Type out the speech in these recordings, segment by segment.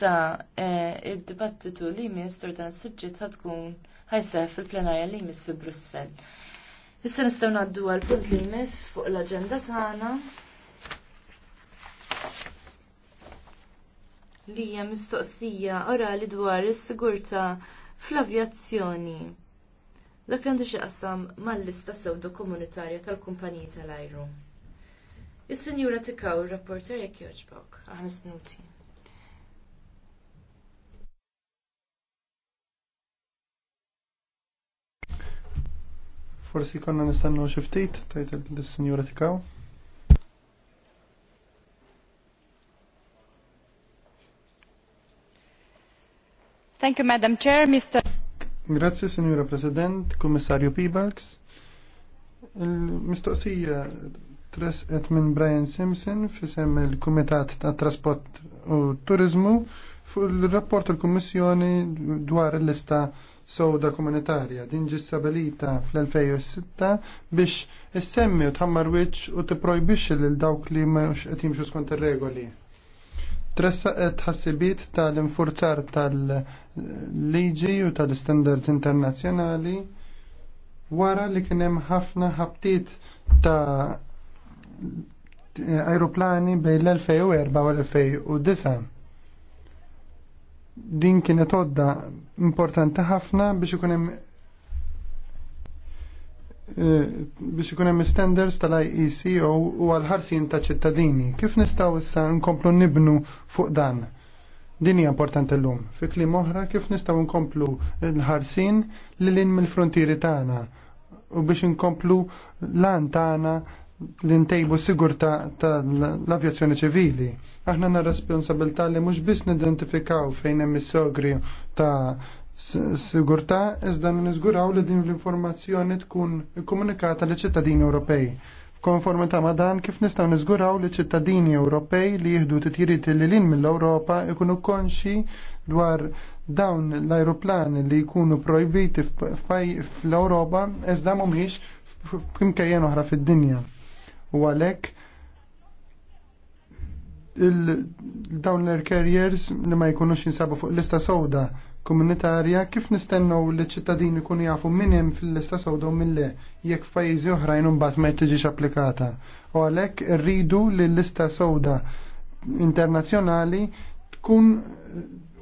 Issa eh, id-dibattitu li jmiss dwar dan is-suġġett tkun ħajseħ fil-plenarja li jmiss fi Brussell. Issa nistgħu ngħaddu għal punt li jmiss fuq l-aġenda tagħna. li hija mistoqsija orali dwar is-sigurtà fl-avjazzjoni. Dak għandu xi qasam mal-lista sewdu komunitarja tal-kumpaniji tal-ajru. Is-Sinjura Tikaw, rapporter jekk jogħġbok, għal minuti. Forsi konna nistannu xiftit, tajt il-Sinjura Tikaw. Thank you, Madam Chair, Mr. Grazie, Signora President, Commissario Pibalks. Il-mistoqsija tresqet minn Brian Simpson fisem il-Kumitat ta' Trasport u Turizmu fuq il-rapport il kommissjoni dwar il-lista sowda komunitarja din ġi stabilita fl-2006 biex issemmi u tħammar wiċċ u tipprojbixxi lil dawk li mhux qed jimxu skont ir-regoli. Tressaqet ħassibit tal-infurzar tal-liġi u tal-standards internazzjonali wara li kien hemm ħafna ħabtiet ta' aeroplani bejn l-2004 u l-2009 din kienet odda importanti ħafna biex ikun hemm eh, biex ikun hemm standards tal-IEC u għal-ħarsin ta' ċittadini. Kif nistgħu issa nkomplu nibnu fuq dan? Din hija importanti llum. Fi kliem oħra kif nistgħu nkomplu l-ħarsin lil mill-frontieri tagħna u biex nkomplu lan tagħna li ntejbu ta tal-avjazzjoni ċivili. Aħna na responsabilità li mhux biss nidentifikaw fejn hemm is-sogri ta' sigurta, iżda niżguraw li din l-informazzjoni tkun komunikata li ċittadini Ewropej. Konformità ma' dan kif nistgħu niżguraw li ċittadini Ewropej li jieħdu titjiriet li lin mill-Ewropa ikunu konxi dwar dawn l-ajruplani li jkunu projbiti fl-Ewropa iżda mhumiex f'imkejjen oħra fid-dinja u għalhekk dawn l-carriers li ma jkunux jinsabu fuq lista sowda komunitarja kif nistennew li ċittadini kunu jafu min hemm fil-lista sowda u min le jekk f'pajjiżi oħrajn bat ma tiġix applikata. U għalhekk rridu li l-lista sowda internazzjonali tkun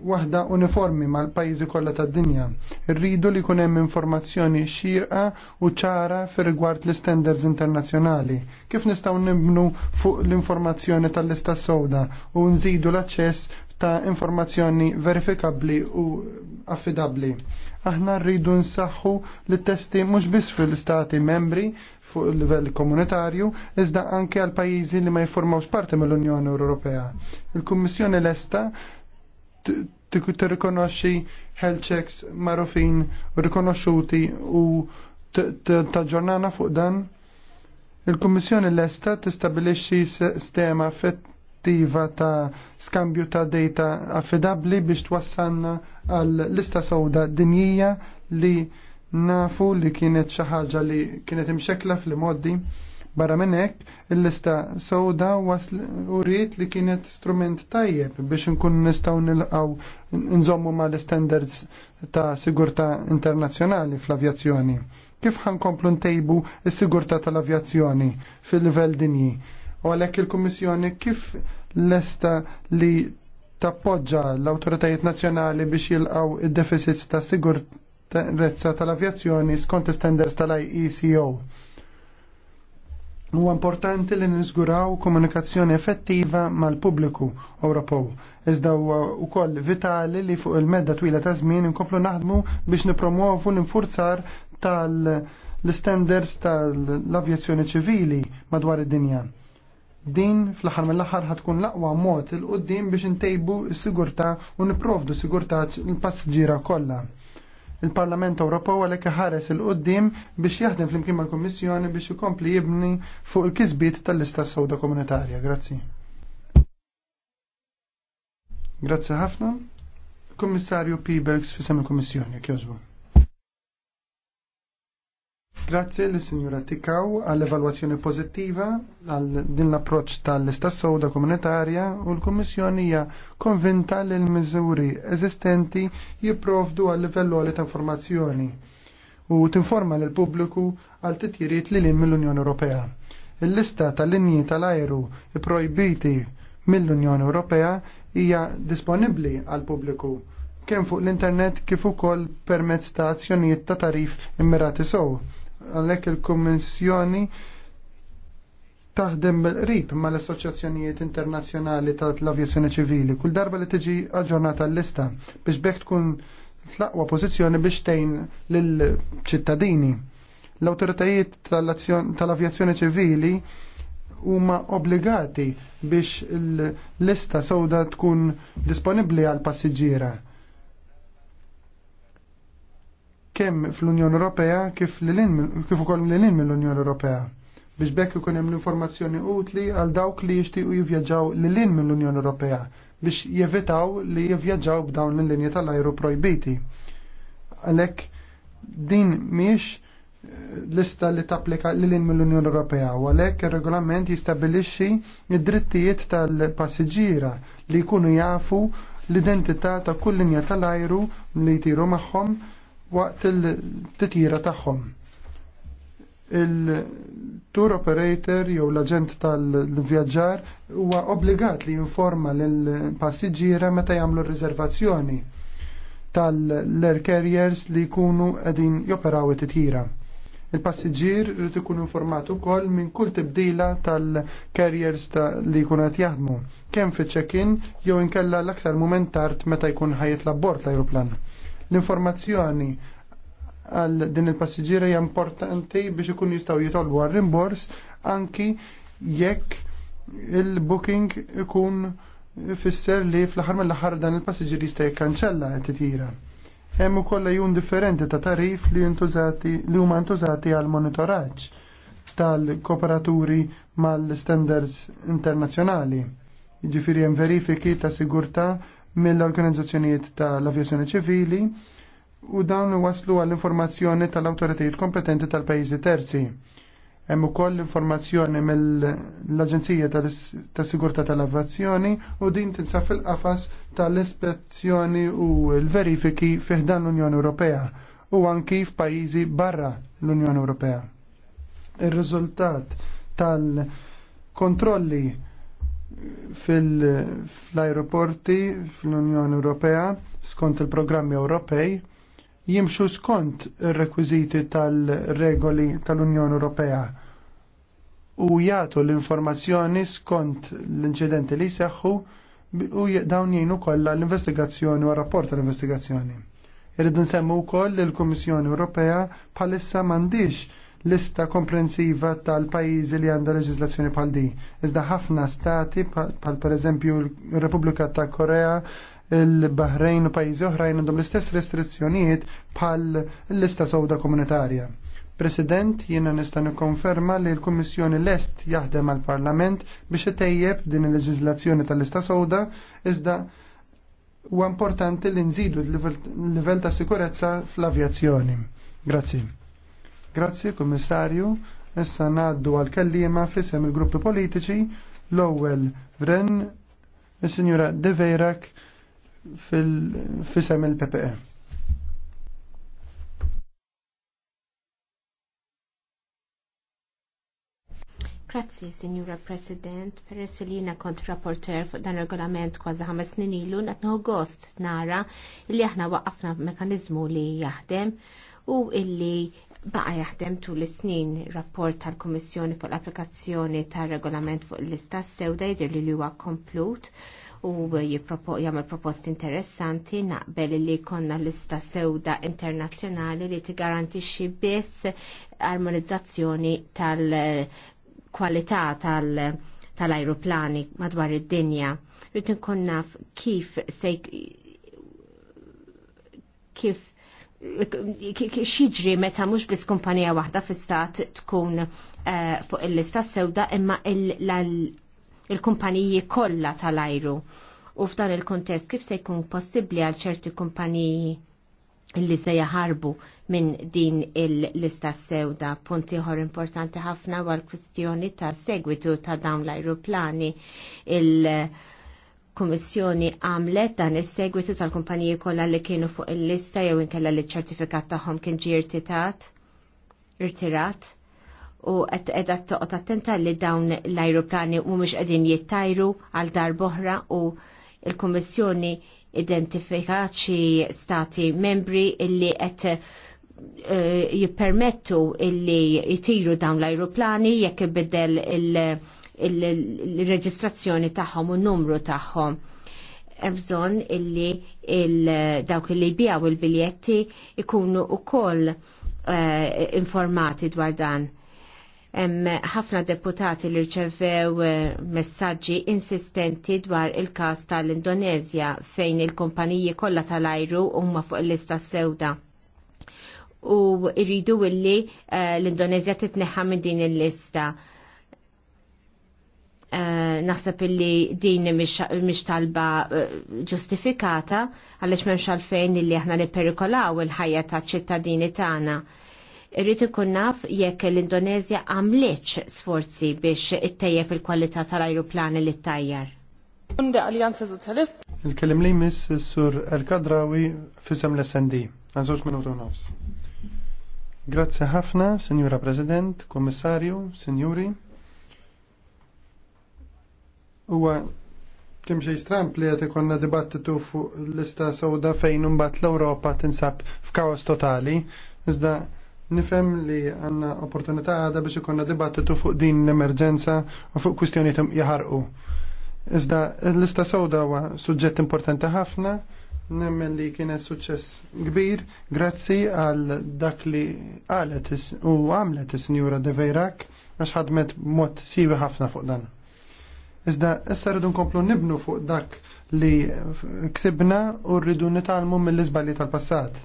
waħda uniformi mal-pajjiżi kollha tad-dinja. Irridu li jkun hemm informazzjoni xierqa u ċara fir rigward l istandards internazzjonali. Kif nistgħu nibnu fuq l-informazzjoni tal-lista sewda u nżidu l-aċċess ta' informazzjoni verifikabbli u affidabbli. Aħna rridu nsaħħu li testi mhux biss fil-istati membri fuq il-livell komunitarju, iżda anke għal pajjiżi li ma jiffurmawx parti mill-Unjoni Ewropea. Il-Kummissjoni lesta esta tirrikonoxxi health checks marufin u rikonoxxuti u taġġornana fuq dan. Il-Kummissjoni l-Esta tistabilixxi sistema effettiva ta' skambju ta' data affidabli biex t-wassanna għall lista sawda dinjija li nafu li kienet xi ħaġa li kienet imxekla fil-modi Barra minnek, il-lista sewda u rrit li kienet strument tajjeb biex nkun nistaw nilqaw nżommu ma l-standards ta' sigurta internazjonali fl-avjazzjoni. Kif ħankomplu ntejbu s-sigurta tal-avjazzjoni fil-livell dinji? U għalhekk il-Kummissjoni kif lesta li tappoġġa l-autoritajiet nazzjonali biex jilqaw id-deficits ta' rezza tal-avjazzjoni skont standards tal-IECO. Huwa importanti li niżguraw komunikazzjoni effettiva mal-pubbliku Ewropew. Iżda huwa wkoll vitali li fuq il-medda twila ta' żmien inkomplu naħdmu biex nipromuovu ninfurzar tal-standards tal-avjazzjoni ċivili madwar id-dinja. Din fl-aħħar mill-aħħar ħatkun l-aqwa mod il-qudiem biex intejbu s-sigurtà u nipprovdu sigurtà l-passiġġiera kollha Il-Parlament Ewropew għalhekk ħares il qudiem biex jaħdem flimkien mal-Kummissjoni biex ikompli jibni fuq il-kisbiet tal-lista sewda komunitarja. Grazzi. Grazzi ħafna. Kummissarju Pibergs fisem il-Kummissjoni, kjożbu. Grazzi l signora Tikaw għall-evalwazzjoni pozittiva għal din l-approċ tal-istess sewda komunitarja u l-Kummissjoni hija konvinta li l-miżuri eżistenti jipprovdu għal livell ta' informazzjoni u tinforma l pubbliku għal titjiriet li lin mill-Unjoni Ewropea. Il-lista e tal-linji tal-ajru e projbiti mill-Unjoni Ewropea hija disponibbli għal pubbliku kemm fuq l-internet kif ukoll permezz ta' azzjonijiet ta' tarif immirati sew għalhekk il-Kummissjoni taħdem bil-qrib mal assoċjazzjonijiet internazzjonali tal-avjazzjoni ċivili kull darba li tiġi aġġornata l-lista biex bekk tkun fl-aqwa pożizzjoni biex tgħin lill-ċittadini. L-awtoritajiet tal-avjazzjoni ċivili huma obbligati biex l-lista sewda tkun disponibbli għal passiġġiera kemm fl-Unjoni Ewropea kif kif ukoll lilin mill-Unjoni Ewropea biex bekk ikun hemm l-informazzjoni utli għal dawk li jixtiequ jivvjaġġaw lil mill-Unjoni Ewropea biex jevitaw li jivvjaġġaw b'dawn l-linja tal-ajru projbiti. Għalhekk din miex eh, lista li tapplika li l-in mill-Unjoni Ewropea u għalhekk ir-regolament jistabilixxi id-drittijiet tal-passiġġiera li jkunu jafu l-identità ta' kull linja tal-ajru li jtiru magħhom waqt il-titira tagħhom. Il-tour operator jew l-aġent tal-vjaġġar huwa obbligat li jinforma lill-passiġġiera meta jagħmlu r-riservazzjoni tal-air carriers li jkunu qegħdin joperaw it-titira. Il-passiġġier irid ikun informat ukoll minn kull tibdila tal-carriers ta li jkunu qed jaħdmu, kemm fiċ check-in jew inkella l-aktar mument tard meta jkun ħajitla bord l-ajruplan. L-informazzjoni għal din il-passiġġiera hija importanti biex ikun jistgħu jitolbu għal rimbors anki jekk il-booking ikun fisser li fl-aħħar mill-aħħar dan il-passiġġier jista' jikkanċella qed titjira. Hemm ukoll lejun differenti ta' tarif li ntużati li huma ntużati għal monitoraġġ tal-kooperaturi mal-standards internazzjonali. Jiġifieri hemm verifiki ta' sigurtà mill-organizzazzjonijiet tal-avjazzjoni ċivili u dawn waslu għall-informazzjoni tal-awtoritajiet kompetenti tal-pajjiżi terzi. Hemm ukoll informazzjoni mill-Aġenzija tas-Sigurtà tal-Avjazzjoni u din tinsab fil-qafas tal-ispezzjoni u l-verifiki fih dan l-Unjoni Ewropea u anki f'pajjiżi barra l-Unjoni Ewropea. Ir-riżultat tal-kontrolli fil-aeroporti fl-Unjoni Ewropea skont il-programmi Ewropej jimxu skont ir-rekwiżiti tal-regoli tal-Unjoni Ewropea u jagħtu l-informazzjoni skont l-inċidenti li seħħu u dawn jgħinu kollha l-investigazzjoni u rapport tal-investigazzjoni. Irrid nsemmu wkoll l kummissjoni Ewropea bħalissa m'għandix lista komprensiva tal-pajjiżi li għandha leġiżlazzjoni bħal di. Iżda ħafna stati bħal pereżempju l-Repubblika ta' Korea, il-Bahrejn u pajjiżi oħrajn għandhom l-istess restrizzjonijiet bħal lista sowda komunitarja. President, jiena nista' nikkonferma li l-Kummissjoni lest jaħdem għal parlament biex itejjeb din il-leġiżlazzjoni tal-lista sowda, iżda huwa importanti li nżidu l-livell ta' sikurezza fl-avjazzjoni. Grazzi. Grazzi, Kommissarju. Issa ngħaddu għal kelliema fisem il-gruppi politiċi l-ewwel Vren is-Sinjura De Veyrak fil-fisem il-PPE. Grazzi, Signora President, per li jina kont rapporter fuq dan regolament kważi ħames snin ilu, natnu gost nara li aħna waqqafna mekanizmu li jaħdem u illi baqa jaħdem tul is-snin rapport tal-Kummissjoni fuq l-applikazzjoni tar-regolament fuq l-lista sewda jidher li huwa komplut u jagħmel proposti interessanti naqbel li konna lista sewda internazzjonali li tigarantixxi biss armonizzazzjoni tal-kwalità tal-ajruplani madwar id-dinja. Rrid inkun naf kif se kif xieġri meta mhux biss kumpanija waħda fl tkun eh, fuq il-lista sewda imma il-kumpaniji kollha tal-ajru. U f'dan il-kontest kif se jkun possibbli għal ċerti kumpaniji li se jaħarbu minn din il-lista sewda. Punti ħor importanti ħafna għal kwistjoni ta' segwitu ta' dawn l-ajruplani il- kummissjoni għamlet dan is-segwitu tal-kumpaniji kollha li kienu fuq il-lista jew inkella li ċ-ċertifikat tagħhom kien ġie irtitat, irtirat u qed qiegħda toqgħod attenta li dawn l-ajruplani mhumiex qegħdin jittajru għal dar boħra u l-Kummissjoni identifikat xi stati membri illi qed eh, jippermettu illi jtiru dawn l-ajruplani jekk ibidel il- il-reġistrazzjoni tagħhom u n-numru tagħhom Ebżon illi dawk li bijaw il-biljetti ikunu u koll eh, informati dwar dan. ħafna deputati li rċevew eh, messaġġi insistenti dwar il-kas tal-Indonezja fejn il-kumpaniji kollha tal-ajru huma fuq il-lista sewda u irridu illi eh, l-Indonezja titneħħa minn din il-lista Eh, naħseb illi din mhix talba eh, ġustifikata għaliex m'hemmx għalfejn illi aħna nipperikolaw il-ħajja taċ ċittadini tagħna. Irrid ikun naf jekk l-Indonezja għamlitx sforzi biex ittejjeb il-kwalità tal-ajruplani li ttajjar. Unda Allianza Il-kellim li miss sur El-Kadrawi fisem l-SND. Għazox minutu nofs. Grazie ħafna, Signora President, Kommissarju, Signori. Huwa kemm xejn stramp li qed ikollna dibattitu fuq l-lista sewda fejn imbagħad l-Ewropa tinsab f'kaos totali. Iżda nifhem li għandna opportunità għadha biex ikollna dibattitu fuq din l-emerġenza u fuq kwistjonijiet jaħarqu. Iżda l-lista sewda huwa suġġett importanti ħafna, nemmen li kienet suċċess kbir grazzi għal dak li qalet u għamlet is-Sinjura De Vejrak għax ħadmet mod siwi ħafna fuq dan. Iżda issa rridu nkomplu nibnu fuq dak li ksibna u rridu nitalmu mill-iżbalji tal-passat.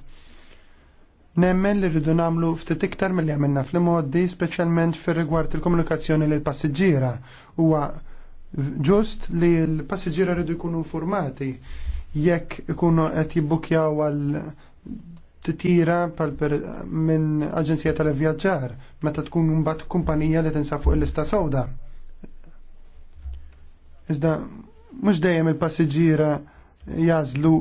Nemmen li rridu namlu ftit iktar mill-li għamilna fl moddi specialment fir rigward il-komunikazzjoni lil passiġġiera huwa ġust li l-passiġġiera rridu jkunu informati jekk ikunu qed jibbukjaw għal titira minn aġenzija tal-vjaġġar meta tkun mbagħad kumpanija li tinsa fuq il-lista sewda. Iżda mhux dejjem il-passiġġiera jażlu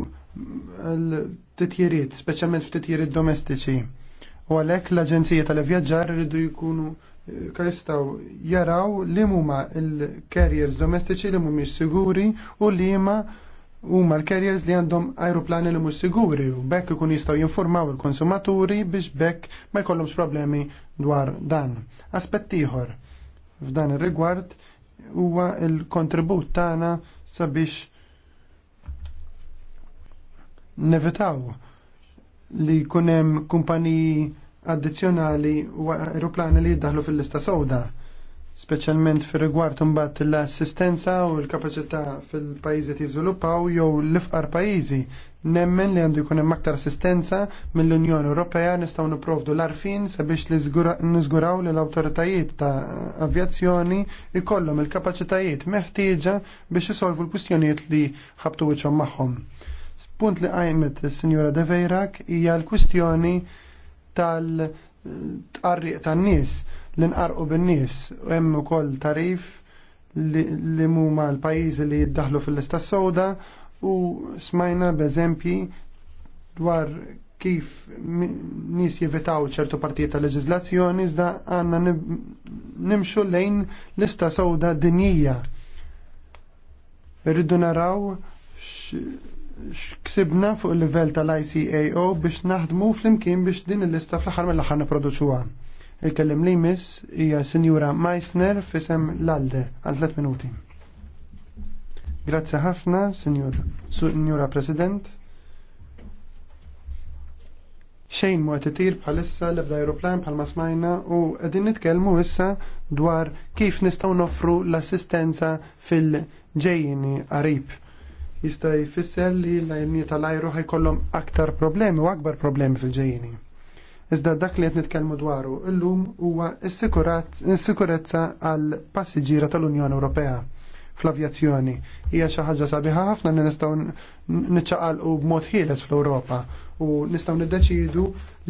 l-titjiriet, speċjalment f'titjiriet domestiċi. U għalhekk l-Aġenzija tal-Vjaġġar rridu jkunu kalistaw jaraw li huma l-carriers domestiċi li mhumiex siguri u li ma huma l-carriers li għandhom aeroplani li mhux siguri u bekk ikun jistgħu jinformaw il-konsumaturi biex bekk ma jkollhomx problemi dwar dan. Aspett ieħor f'dan ir-rigward huwa il-kontribut tagħna sabiex nevitaw li hemm kumpaniji addizzjonali u aeroplani li jiddaħlu fil-lista sewda, speċjalment fir rigward imbagħad l-assistenza u l-kapaċità fil-pajjiżi jiżviluppaw jew l-ifqar pajjiżi Nemmen li għandu jkun hemm aktar assistenza mill-Unjoni Ewropea nistgħu nipprovdu l-arfin sabiex li niżguraw li l-awtoritajiet ta' avjazzjoni ikollhom il-kapaċitajiet meħtieġa biex isolvu l-kwistjonijiet li ħabtu wiċċhom magħhom. Punt li qajmet is sinjura De Vejrak hija l-kwistjoni tal-tqarriq tan-nies li nqarqu bin-nies u hemm ukoll tarif li huma l-pajjiżi li jiddaħlu fil-lista soda u smajna b'eżempji dwar kif nis jivetaw ċertu partijiet ta' leġizlazzjoni iżda għanna nimxu lejn lista sewda dinjija. Rridu naraw x'ksibna fuq il-livell tal-ICAO biex naħdmu flimkien biex din il-lista fl-aħħar mill ħar niproduċuha. Il-kellim li jmiss hija Sinjura Meissner fisem l-Alde għal 3 minuti. Grazzi ħafna, Signor, Signora President. Xejn mu għatitir bħalissa l-ebda aeroplan bħalma smajna u għedin nitkelmu issa dwar kif nistaw nofru l-assistenza fil-ġejjini qarib. Jista' jfisser li l-ajni tal-ajru ħajkollhom aktar problemi u akbar problemi fil-ġejjini. Iżda dak li qed nitkellmu dwaru illum huwa s-sikurezza għal passiġġiera tal-Unjoni Ewropea fl-avjazzjoni. Hija xi ħaġa sabiħa ħafna li nistgħu niċċaqalqu b'mod ħieles fl-Ewropa u nistgħu niddeċidu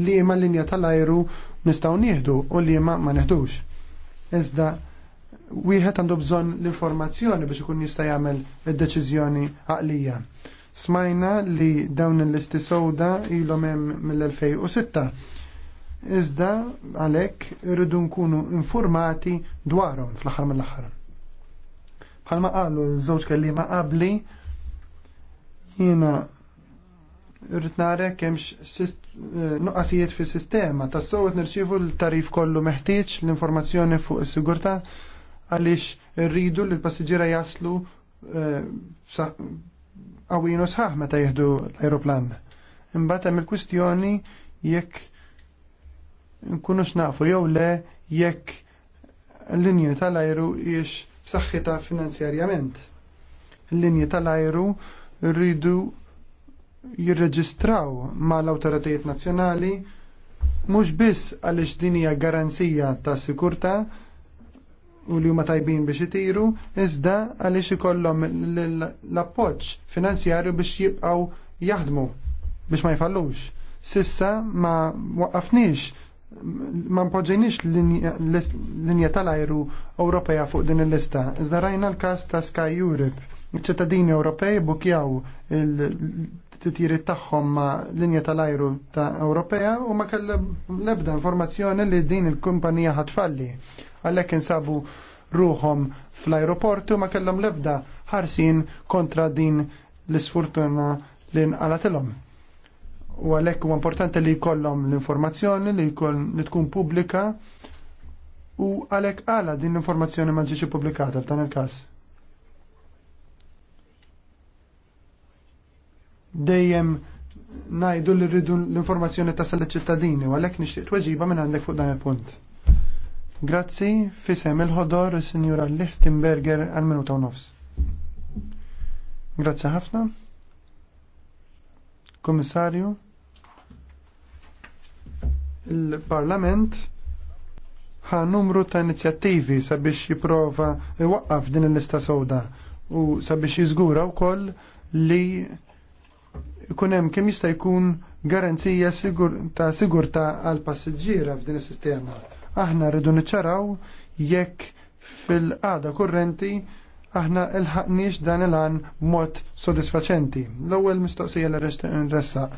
li ma linja tal-ajru nistgħu nieħdu u li ma ma neħdux. Iżda wieħed għandu bżonn l-informazzjoni biex ikun jista' jagħmel id-deċiżjoni għaqlija. Smajna li dawn l-listi sowda ilhom hemm mill-2006 iżda għalhekk irridu nkunu informati dwarhom fl-aħħar mill-aħħar. Bħalma qalu żewġ kelliema qabli jiena rrit narek kemx eh, nuqqasijiet fi sistema ta' sowet nirċivu l-tarif kollu meħtieġ l-informazzjoni fuq is sigurtà għaliex rridu li l-passiġġiera jaslu għawinu eh, sħaħ meta jieħdu l-aeroplan. Imbagħad hemm il-kwistjoni jekk nkunux nafu jew le jekk l-linju tal-ajru jiex b'saħħitha finanzjarjament. Il-linji tal-ajru rridu jirreġistraw mal awtoritajiet nazzjonali mhux biss għaliex din hija garanzija ta' sikurtà u li huma tajbin biex itiru, iżda għaliex ikollhom l-appoġġ finanzjarju biex jibqgħu jaħdmu biex ma jfallux. Sissa ma waqqafniex ma l linja tal-ajru Ewropea fuq din il-lista. Iżda rajna l-każ ta' Sky Europe. Iċ-ċittadini Ewropej bukjaw il-titjiriet tagħhom ma' linja tal-ajru ta' Ewropea u ma kellha l-ebda informazzjoni li din il-kumpanija ħatfalli. Għalhekk insabu ruhom fl-ajruportu ma kellhom l-ebda ħarsin kontra din l isfurtuna li nqalatilhom. U għalhekk huwa importanti li jkollhom l-informazzjoni li li tkun pubblika u għalhekk għala din l-informazzjoni ma ġietx f'dan il-każ. Dejjem ngħidu li rridu l-informazzjoni tasal liċ-ċittadini u għalhekk nixtieq tweġiba minn għandek fuq dan il-punt. Grazzi, fisem il-ħodor il sinjura Lichtenberger għal minuta u nofs. Grazzi ħafna. Komissarju, il-Parlament ħa numru ta' inizjattivi sabiex jiprofa iwaqqaf din il-lista sowda u sabiex jiżgura wkoll li jkun hemm kemm jista' jkun garanzija sigur, ta' sigurta għal passiġġiera f'din is-sistema. Aħna rridu niċċaraw jekk fil-qada kurrenti aħna il-ħaqnix dan il-għan mod sodisfaċenti. L-ewwel mistoqsija l nressaq.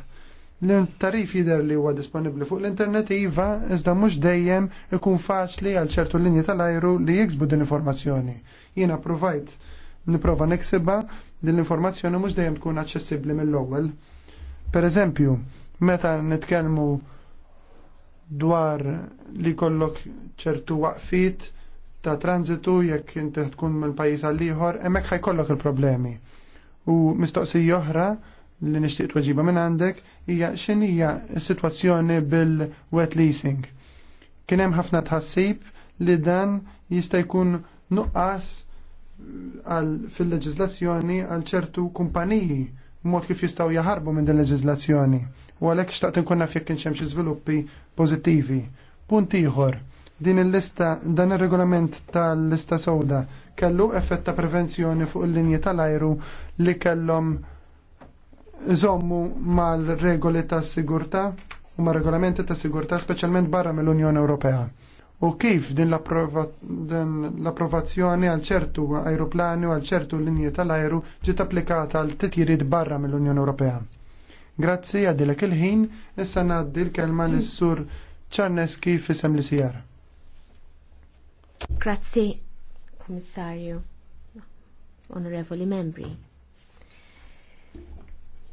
L-tarif jider li huwa disponibli fuq l-internet iva iżda mhux dejjem ikun faċli għal ċertu linji tal-ajru li jiksbu din informazzjoni. Jiena provajt niprofa neksiba din l-informazzjoni mhux dejjem tkun aċċessibbli mill-ewwel. Per eżempju, meta nitkellmu dwar li kollok ċertu waqfit ta' tranzitu jekk inti tkun minn pajjiż għal ieħor hemmhekk ħajkollok il-problemi. U mistoqsija oħra li nixtieq tweġiba minn għandek hija x'inhija s-sitwazzjoni bil-wet leasing. Kien hemm ħafna tħassib li dan jista' jkun nuqqas fil-leġiżlazzjoni għal ċertu kumpaniji mod kif jistgħu jaħarbu minn din leġiżlazzjoni. U għalhekk xtaqt inkun naf jekk kienx hemm xi żviluppi pożittivi. Punt ieħor Din il-lista, dan il-regolament tal-lista sewda kellu effett ta' prevenzjoni fuq il-linji tal-ajru li kellhom żommu mal-regoli ta' sigurtà u ma' regolamenti ta' sigurtà speċjalment barra mill-Unjoni Ewropea. U kif din l-approvazzjoni għal ċertu aeroplani u għal ċertu linji tal-ajru ġiet applikata għal titjiriet barra mill-Unjoni Ewropea. Grazzi għadilek il-ħin, issa ngħaddi l-kelma lis sur ċarneski fisem li sijar. Grazzi, Komissarju, Onorevoli Membri.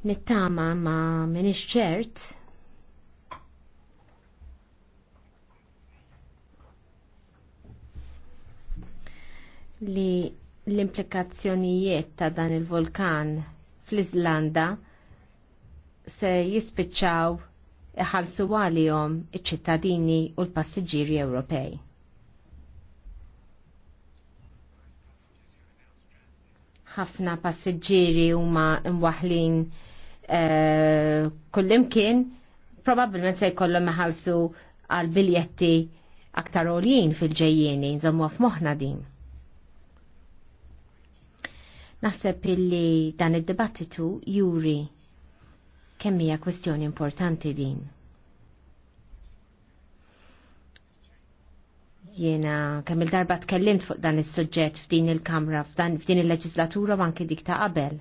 Nittama ma minix ċert li l-implikazzjonijiet ta' dan il-vulkan fl izlanda se jispiċċaw iħalsu għalihom iċ-ċittadini u l-passiġġieri Ewropej. ħafna passiġġieri huma mwaħlin eh, kullimkien, probabbilment se jkollhom iħallsu għal biljetti aktar għoljien fil-ġejjieni, nżommu f'moħħna din. Naħseb illi dan id-dibattitu juri kemm hija kwestjoni importanti din. Jiena kemm il-darba tkellimt fuq dan is-suġġett f'din il-Kamra, f'din il-leġislatura u anke dik ta' qabel.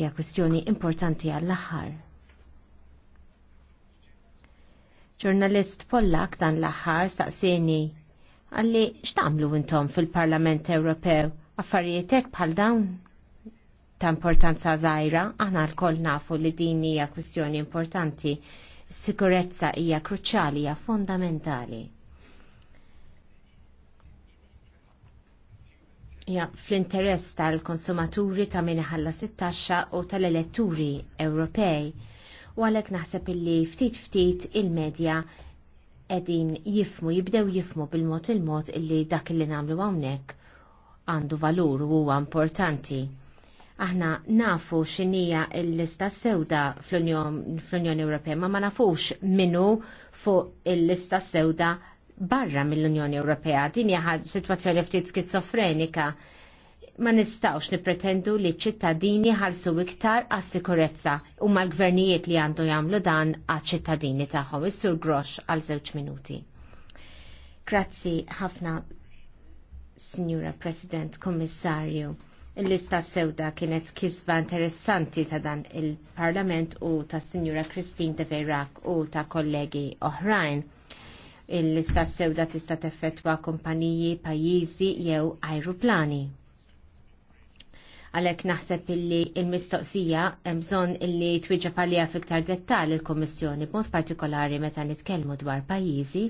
Hija kwestjoni importanti għall-aħħar. Ġurnalist Pollak dan l-aħħar staqsini għalli x'tagħmlu intom fil-Parlament Ewropew affarijietek bħal dawn ta' importanza żgħira, aħna lkoll nafu li din hija kwestjoni importanti sikurezza hija kruċjali, hija fondamentali. Ja, fl-interess tal-konsumaturi ta' min ħallas taxxa u tal eletturi Ewropej u għalhekk naħseb illi ftit ftit il-medja qegħdin jifmu jibdew jifmu bil-mod il-mod illi dak li nagħmlu hawnhekk għandu valur u huwa importanti. Aħna nafu xinija il-lista sewda fl-Unjoni Ewropea, ma ma nafux minnu fuq il-lista sewda barra mill-Unjoni Ewropea. Din hija sitwazzjoni ftit skizofrenika ma nistawx nipretendu li ċittadini ħarsu iktar għas sikurezza u l gvernijiet li għandu jagħmlu dan għad ċittadini tagħhom is-sur grosh għal żewġ minuti. Grazzi ħafna, Signora President, Kommissarju. Il-lista sewda kienet kisba interessanti ta' dan il-Parlament u ta' Sinjura Christine de Verac u ta' kollegi oħrajn. Il-lista sewda tista' teffettwa kompaniji, pajjiżi jew ajruplani. Għalhekk naħseb illi il-mistoqsija hemm bżonn illi twieġeb palija fiktar dettal il-Kummissjoni b'mod partikolari meta nitkellmu dwar pajjiżi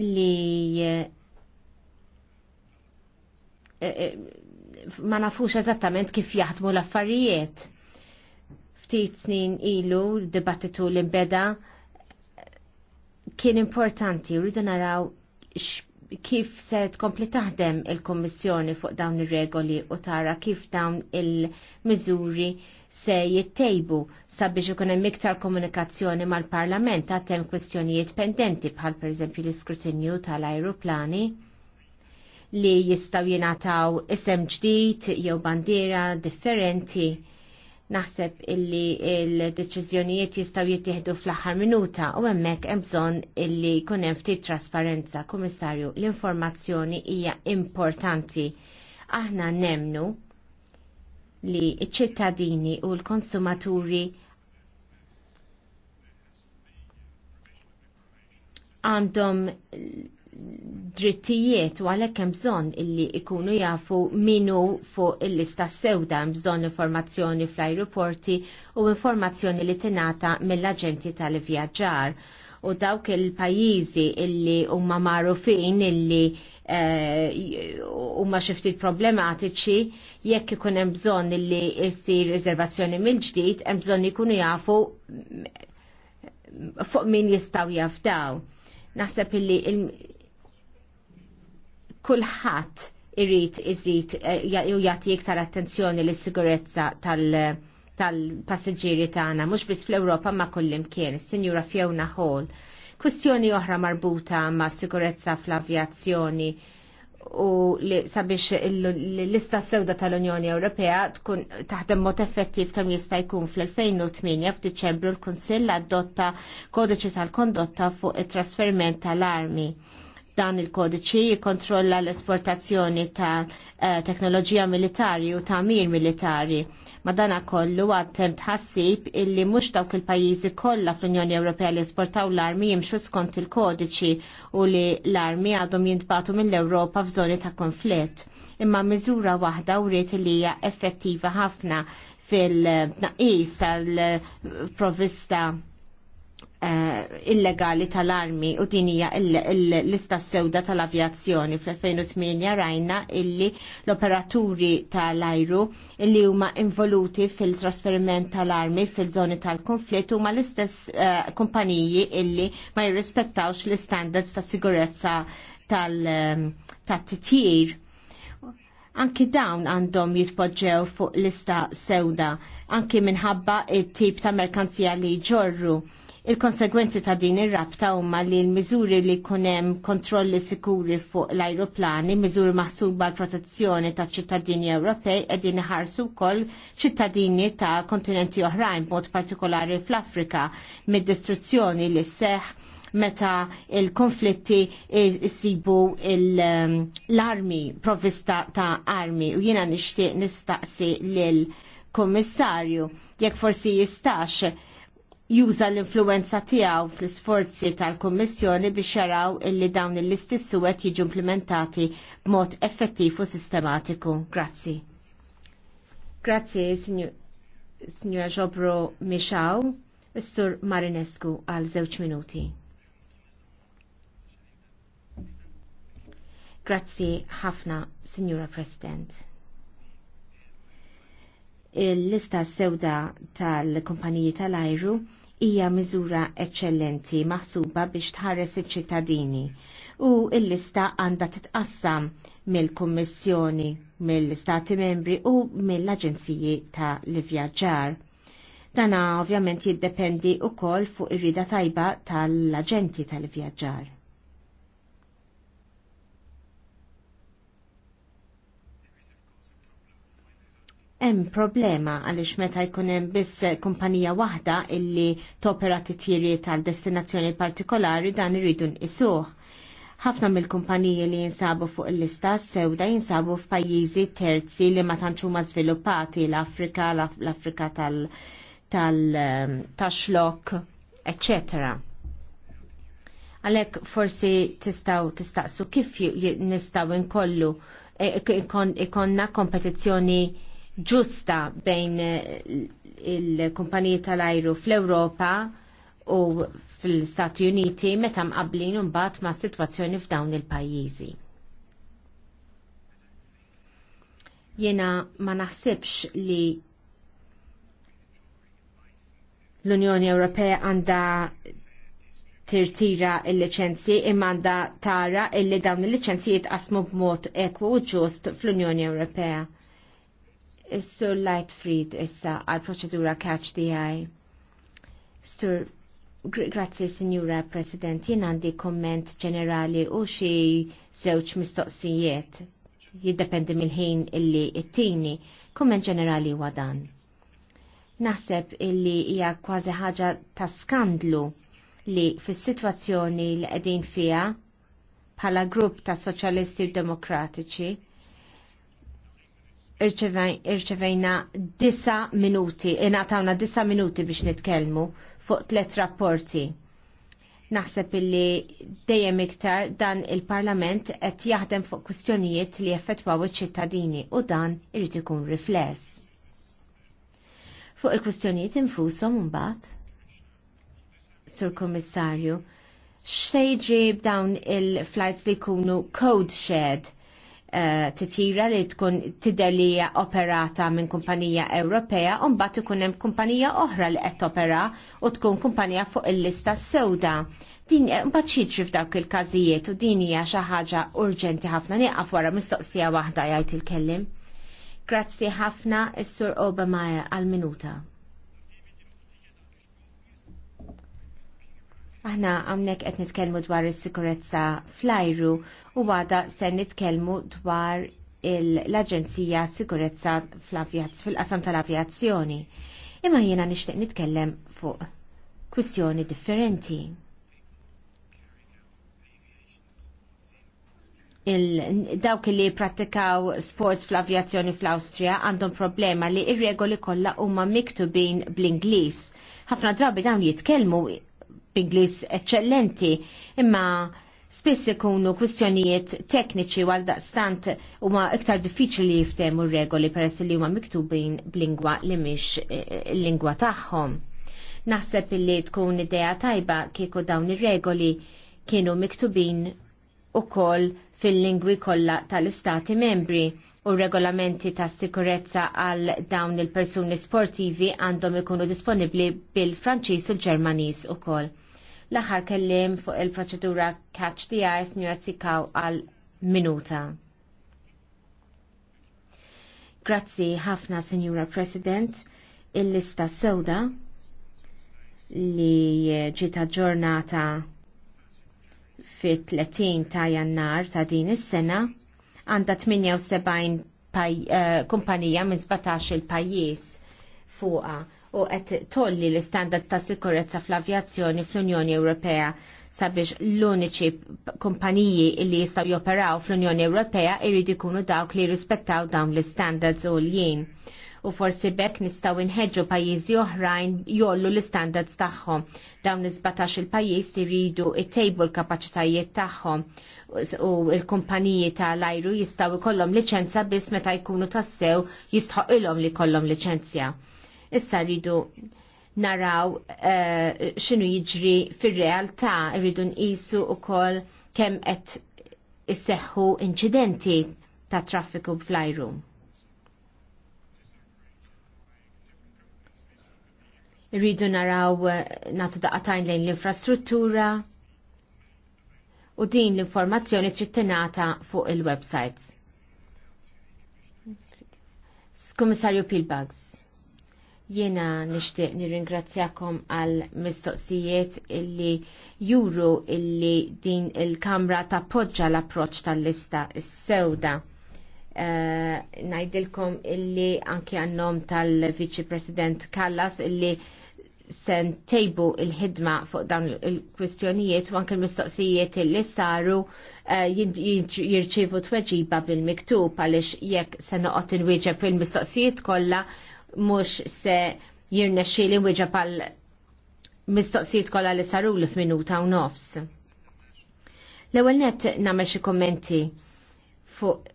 li eh, eh, ma nafux eżattament kif jaħdmu l-affarijiet. Ftit snin ilu, dibattitu li beda kien importanti, rridu naraw kif se tkompli taħdem il-Kommissjoni fuq dawn ir-regoli u tara kif dawn il-miżuri se jittejbu sabiex ikun hemm iktar komunikazzjoni mal-Parlament għad hemm kwestjonijiet pendenti bħal pereżempju l-iskrutinju tal-ajruplani li jistaw jenataw isem ġdid jew bandiera differenti. Naħseb illi il-deċizjonijiet jistaw jittieħdu fl-aħħar minuta u hemmhekk hemm bżonn illi jkun hemm ftit trasparenza, Kummissarju, l-informazzjoni hija importanti. Aħna nemnu li ċ-ċittadini u l-konsumaturi għandhom drittijiet u għalhekk hemm bżonn illi ikunu jafu minu fuq il-lista sewda hemm bżonn informazzjoni fl-ajruporti u informazzjoni li tingħata mill-aġenti tal-vjaġġar. U dawk il-pajjiżi illi huma magħrufin illi eh, huma xi ftit problematiċi jekk ikun hemm bżonn illi jsir riservazzjoni mill-ġdid hemm bżonn ikunu jafu fuq min jistgħu jafdaw. Naħseb illi il kulħadd irrit iżid u eh, jagħti iktar attenzjoni lis sigurezza tal-passiġġieri tagħna, mhux biss fl-Ewropa ma' kullimkien, is-Sinjura Fiona Hall. Kwistjoni oħra marbuta ma' sigurezza fl-avjazzjoni u li sabiex l-lista sewda tal-Unjoni Ewropea tkun taħdem mod effettiv kemm jista' jkun fl-2008 f'Diċembru l-Kunsill adotta kodiċi tal-kondotta fuq it-trasferiment tal-armi Dan il-kodiċi jikontrolla l-esportazzjoni ta' eh, teknoloġija militari u ta' mir militari. Madana kollu għattem tħassib illi mux dawk il-pajizi kollha fl-Unjoni Ewropea li esportaw l-armi jimxu skont il-kodiċi u li l-armi għadhom jintbatu mill-Ewropa f'żoni ta' konflitt. Imma miżura waħda u rrit li hija effettiva ħafna fil-naqis tal-provista Eh, illegali tal-armi u din hija l istas sewda tal-avjazzjoni fl-2008 rajna illi l-operaturi tal-ajru illi huma involuti fil-trasferiment tal-armi fil-żoni tal-konflitt huma l-istess eh, kumpaniji illi ma jirrispettawx l-standards ta' sigurezza tal-titjir. Eh, anki dawn għandhom jitpoġġew fuq lista sewda, anki minħabba il tip ta' merkanzija li ġorru. Il-konsegwenzi ta' din ir-rabta huma li l-miżuri li kunem kontrolli sikuri fuq l-ajruplani, miżuri maħsuba l-protezzjoni ta' ċittadini Ewropej qegħdin iħarsu wkoll ċittadini ta' kontinenti oħrajn b'mod partikolari fl-Afrika mid-distruzzjoni li sseħħ meta il-konflitti jisibu l-armi, provvista ta' armi. U jiena nixtieq nistaqsi l kommissarju jekk forsi jistax juża l-influenza tiegħu fl-isforzi tal-Kummissjoni biex jaraw illi dawn l-istess suwed jiġu implementati b'mod effettiv u sistematiku. Grazzi. Grazzi, signora Ġobro Mixaw, s-sur Marinescu għal żewġ minuti. Grazzi ħafna, Signora President. Il-lista sewda tal-kumpaniji tal-ajru hija miżura eċċellenti maħsuba biex tħares iċ-ċittadini u l-lista għandha titqassam mill-Kummissjoni, mill-Stati Membri u mill-Aġenziji tal-Vjaġġar. Dana ovvjament jiddependi u fuq ir-rida tajba tal-aġenti tal-vjaġġar. Hemm problema għaliex meta jkun hemm biss kumpanija waħda illi topera titjiri tal-destinazzjoni partikolari dan iridu nqisuh. Ħafna mill-kumpaniji li jinsabu fuq il-lista sewda jinsabu f'pajjiżi terzi li ma tantx huma żviluppati l-Afrika, l-Afrika tal-taxlok, tal, eccetera. Ehm, Għalhekk forsi tistgħu tistaqsu kif nistgħu nkollu e-, ikonna kompetizzjoni ġusta bejn il-kumpaniji tal-ajru fl-Ewropa u fl-Stati Uniti meta mqablin imbagħad ma' sitwazzjoni f'dawn il-pajjiżi. Jiena ma naħsibx li l-Unjoni Ewropea għandha tirtira il-licenzji imma għandha tara illi dawn il-licenzji jitqasmu b'mod ekwu u ġust fl-Unjoni Ewropea Sir sur Lightfried issa għal proċedura catch the eye. Sur grazie Signora President. Jien għandi komment ġenerali u xi żewġ mistoqsijiet. Jiddependi mill-ħin illi it-tini. Komment ġenerali huwa dan. Naħseb illi hija kważi ħaġa ta' skandlu li fis-sitwazzjoni li qegħdin fiha bħala grupp ta' Soċjalisti u Demokratiċi irċevejna disa minuti, inatawna disa minuti biex nitkelmu fuq tlet rapporti. Naħseb illi dejjem iktar dan il-Parlament qed jaħdem fuq kwistjonijiet li effettwaw iċ-ċittadini u dan irid ikun rifless. Fuq il-kwistjonijiet infushom imbagħad. Sur Kommissarju, x'sejġi b'dawn il-flights li jkunu code shed? Eh, titira li tkun tider li hija operata minn kumpanija Ewropea u mbagħad ikun hemm kumpanija oħra li qed opera u tkun kumpanija fuq il-lista sewda. Din eh, mbagħad xiġri f'dawk il-każijiet u din hija xi ħaġa urġenti ħafna nieqaf wara mistoqsija waħda jgħid il-kellim. Grazzi ħafna is-Sur Obama għal-minuta. Aħna għamnek qed nitkellmu dwar is-sikurezza fl-ajru u għada se nitkellmu dwar l-Aġenzija Sikurezza fil-qasam tal-avjazzjoni. Imma jiena nixtieq nitkellem fuq kwistjoni differenti. dawk li pratikaw sports fl-avjazzjoni fl-Austria għandhom problema li ir-regoli kollha huma miktubin bl-Ingliż. Ħafna drabi dawn jitkellmu b'Inglis eċċellenti, imma spiss ikunu kwistjonijiet tekniċi għal daqstant huma iktar diffiċli jiftemu regoli peress li huma miktubin b'lingwa li mhix eh, lingwa tagħhom. Naħseb illi tkun idea tajba kieku dawn ir-regoli kienu miktubin ukoll fil-lingwi kollha tal-istati membri u regolamenti ta' sikurezza għal dawn il-persuni sportivi għandhom ikunu disponibli bil-Franċis u l-Ġermanis u kol. L-aħħar kellim fuq il-proċedura Catch the Eye sikaw għal minuta. Grazzi ħafna, Signora President, il-lista sewda li ġita ġornata fit 30 ta' jannar ta' din is-sena għandha 78 uh, eh, kumpanija minn 17 il-pajjiż fuqha u qed tolli l-istandard ta' sikurezza fl-avjazzjoni fl-Unjoni Ewropea sabiex l-uniċi kumpaniji li jistgħu joperaw fl-Unjoni Ewropea irridi kunu dawk li rispettaw dawn l-istandards u l-jien u forsi bekk nistaw inħedġu pajjiżi oħrajn jollu l-istandards tagħhom. Dawn iż il-pajjiż iridu it-tejbu l-kapaċitajiet tagħhom u l-kumpaniji tal-ajru jistaw ikollhom liċenza biss meta jkunu tassew jistħoqilhom li kollhom liċenzja. Issa rridu naraw uh, eh, xinu jiġri fir-realtà, rridu nqisu ukoll kemm qed isseħħu inċidenti ta' traffiku fl-ajru. Irridu naraw eh, natu daqatajn lejn l-infrastruttura u din l-informazzjoni trid tingħata fuq il-websites. Kummissarju Pilbags, jiena nixtieq nirringrazzjakom għal mistoqsijiet illi juru illi din il-kamra tappoġġa l approċċ tal-lista is-sewda. Uh, eh, Ngħidilkom illi anki għannom tal-Viċi President Kallas illi sen tejbu il-ħidma fuq dawn il-kwistjonijiet u anke l-mistoqsijiet li saru eh, jirċivu tweġiba bil-miktub għaliex jekk se noqgħod inwieġeb il-mistoqsijiet kollha mhux se jirnexxi l wieġeb għal mistoqsijiet kollha li saru li f'minuta u nofs. L-ewwel nett nagħmel xi kommenti fuq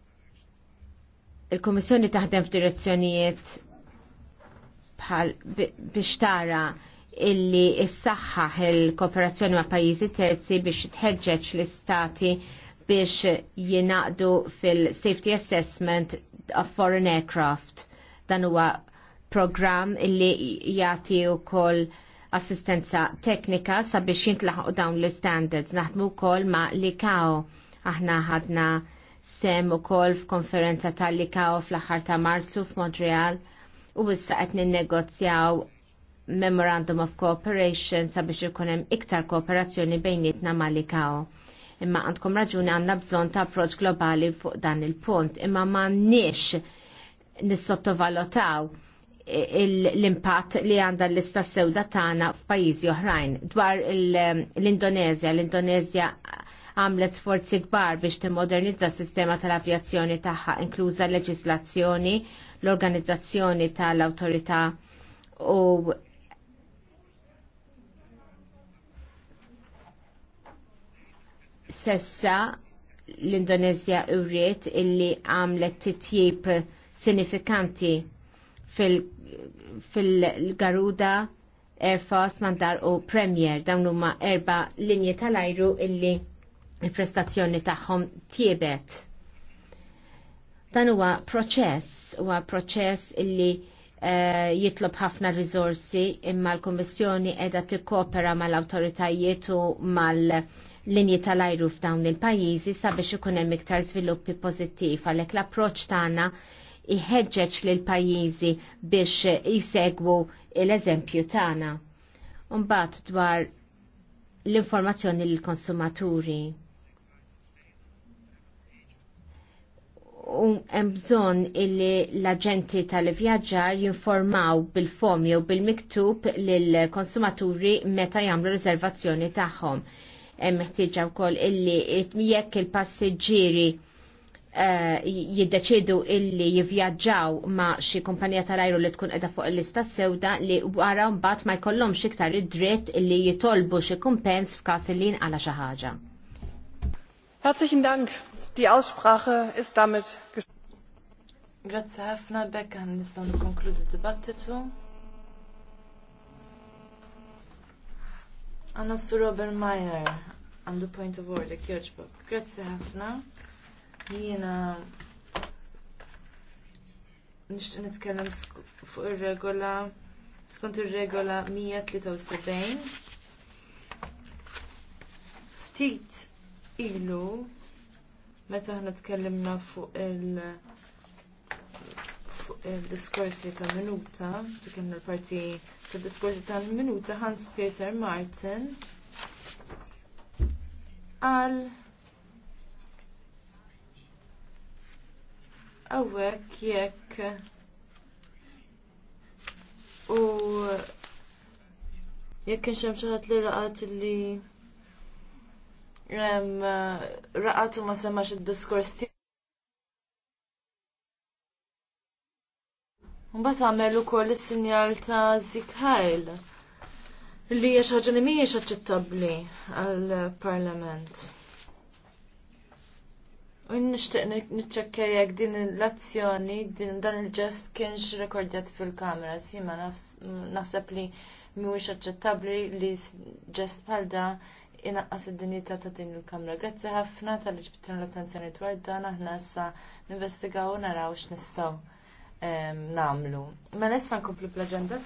il-Kummissjoni taħdem f'direzzjonijiet bħal biex tara illi issaħħaħ il-kooperazzjoni ma' pajjiżi terzi biex tħeġġeġ l-istati biex jinaqdu fil-safety assessment of foreign aircraft. Dan huwa program illi jagħti wkoll assistenza teknika sabiex jintlaħu dawn l-standards. Naħdmu wkoll ma' l-ICAO. Aħna ħadna sem ukoll f'konferenza tal-ICAO fl-aħħar ta' Marzu f'Montreal u issa qed ninnegozjaw Memorandum of Cooperation sabiex ikun hemm iktar kooperazzjoni bejnietna mal-ICAO. Imma għandkom raġuni għandna bżonn ta' approċ globali fuq dan il-punt, imma m'għandniex nissottovalotaw l-impatt li għanda l-lista sewda tagħna f'pajjiżi oħrajn. Dwar l-Indonezja, l-Indonezja għamlet sforzi kbar biex timmodernizza s-sistema tal-avjazzjoni tagħha inkluża leġislazzjoni l-organizzazzjoni tal-autorità u sessa l-Indonezja urriet illi għamlet titjib sinifikanti fil-Garuda, fil Air Force, Mandar u Premier. Dawn huma erba linji tal-ajru illi il-prestazzjoni tagħhom tiebet. Dan huwa proċess, huwa proċess illi uh, jitlob ħafna rizorsi imma l-Kommissjoni qiegħda tikkopera mal-awtoritajiet u mal linji tal-ajru f'dawn il-pajjiżi sabiex ikun hemm iktar żviluppi pożittiv għalhekk l-approċċ tagħna iħeġġeġ lil pajjiżi biex jisegwu l-eżempju tagħna. Mbagħad dwar l-informazzjoni lill konsumaturi u hemm bżonn illi l-aġenti tal-vjaġġar jinformaw bil-fomi u bil-miktub lill-konsumaturi meta jagħmlu riservazzjoni tagħhom. Hemm ħtieġa wkoll illi jekk il-passiġġieri eh, jiddeċidu illi jivjaġġaw ma' xi kumpanija tal-ajru li tkun qiegħda fuq il-lista sewda li wara mbagħad ma jkollhomx iktar id-dritt illi jitolbu xi kumpens f'każ li jinqala xi ħaġa. Herzlichen Dank. Die Aussprache ist damit Grazie ħafna bekk għan nistgħu dibattitu. Għanna su Robert Meyer on the point of order kjoġbok. Grazie ħafna. Jiena nixtieq nitkellem fuq ir-regola skont ir-regola 173. Ftit ilu meta ħna tkellimna fuq il- il-diskorsi ta' minuta, tukin l-parti ta' diskorsi ta' minuta, Hans Peter Martin għal għawek jekk u jekk kienx hemm xi ħadd li raqat li Eh, raqatu ma semmax id-diskors tiegħu. Mbagħad għamel ukoll is-sinjal ta' Zikħajl li hija xi ħaġa li mhijiex aċċettabbli parlament U n-nishtiq niċċekkja jekk din l-azzjoni, din dan il-ġest kienx rekordjat fil-kamera, sima naħseb li mhuwiex aċċettabbli li ġest pal da' inaqqas id-dinjità ta' din il-kamra. Grazzi ħafna tal-li l-attenzjoni dwar dan aħna issa ninvestigaw u naraw x'nistgħu ehm, nagħmlu. Mela issa nkomplu bl-aġenda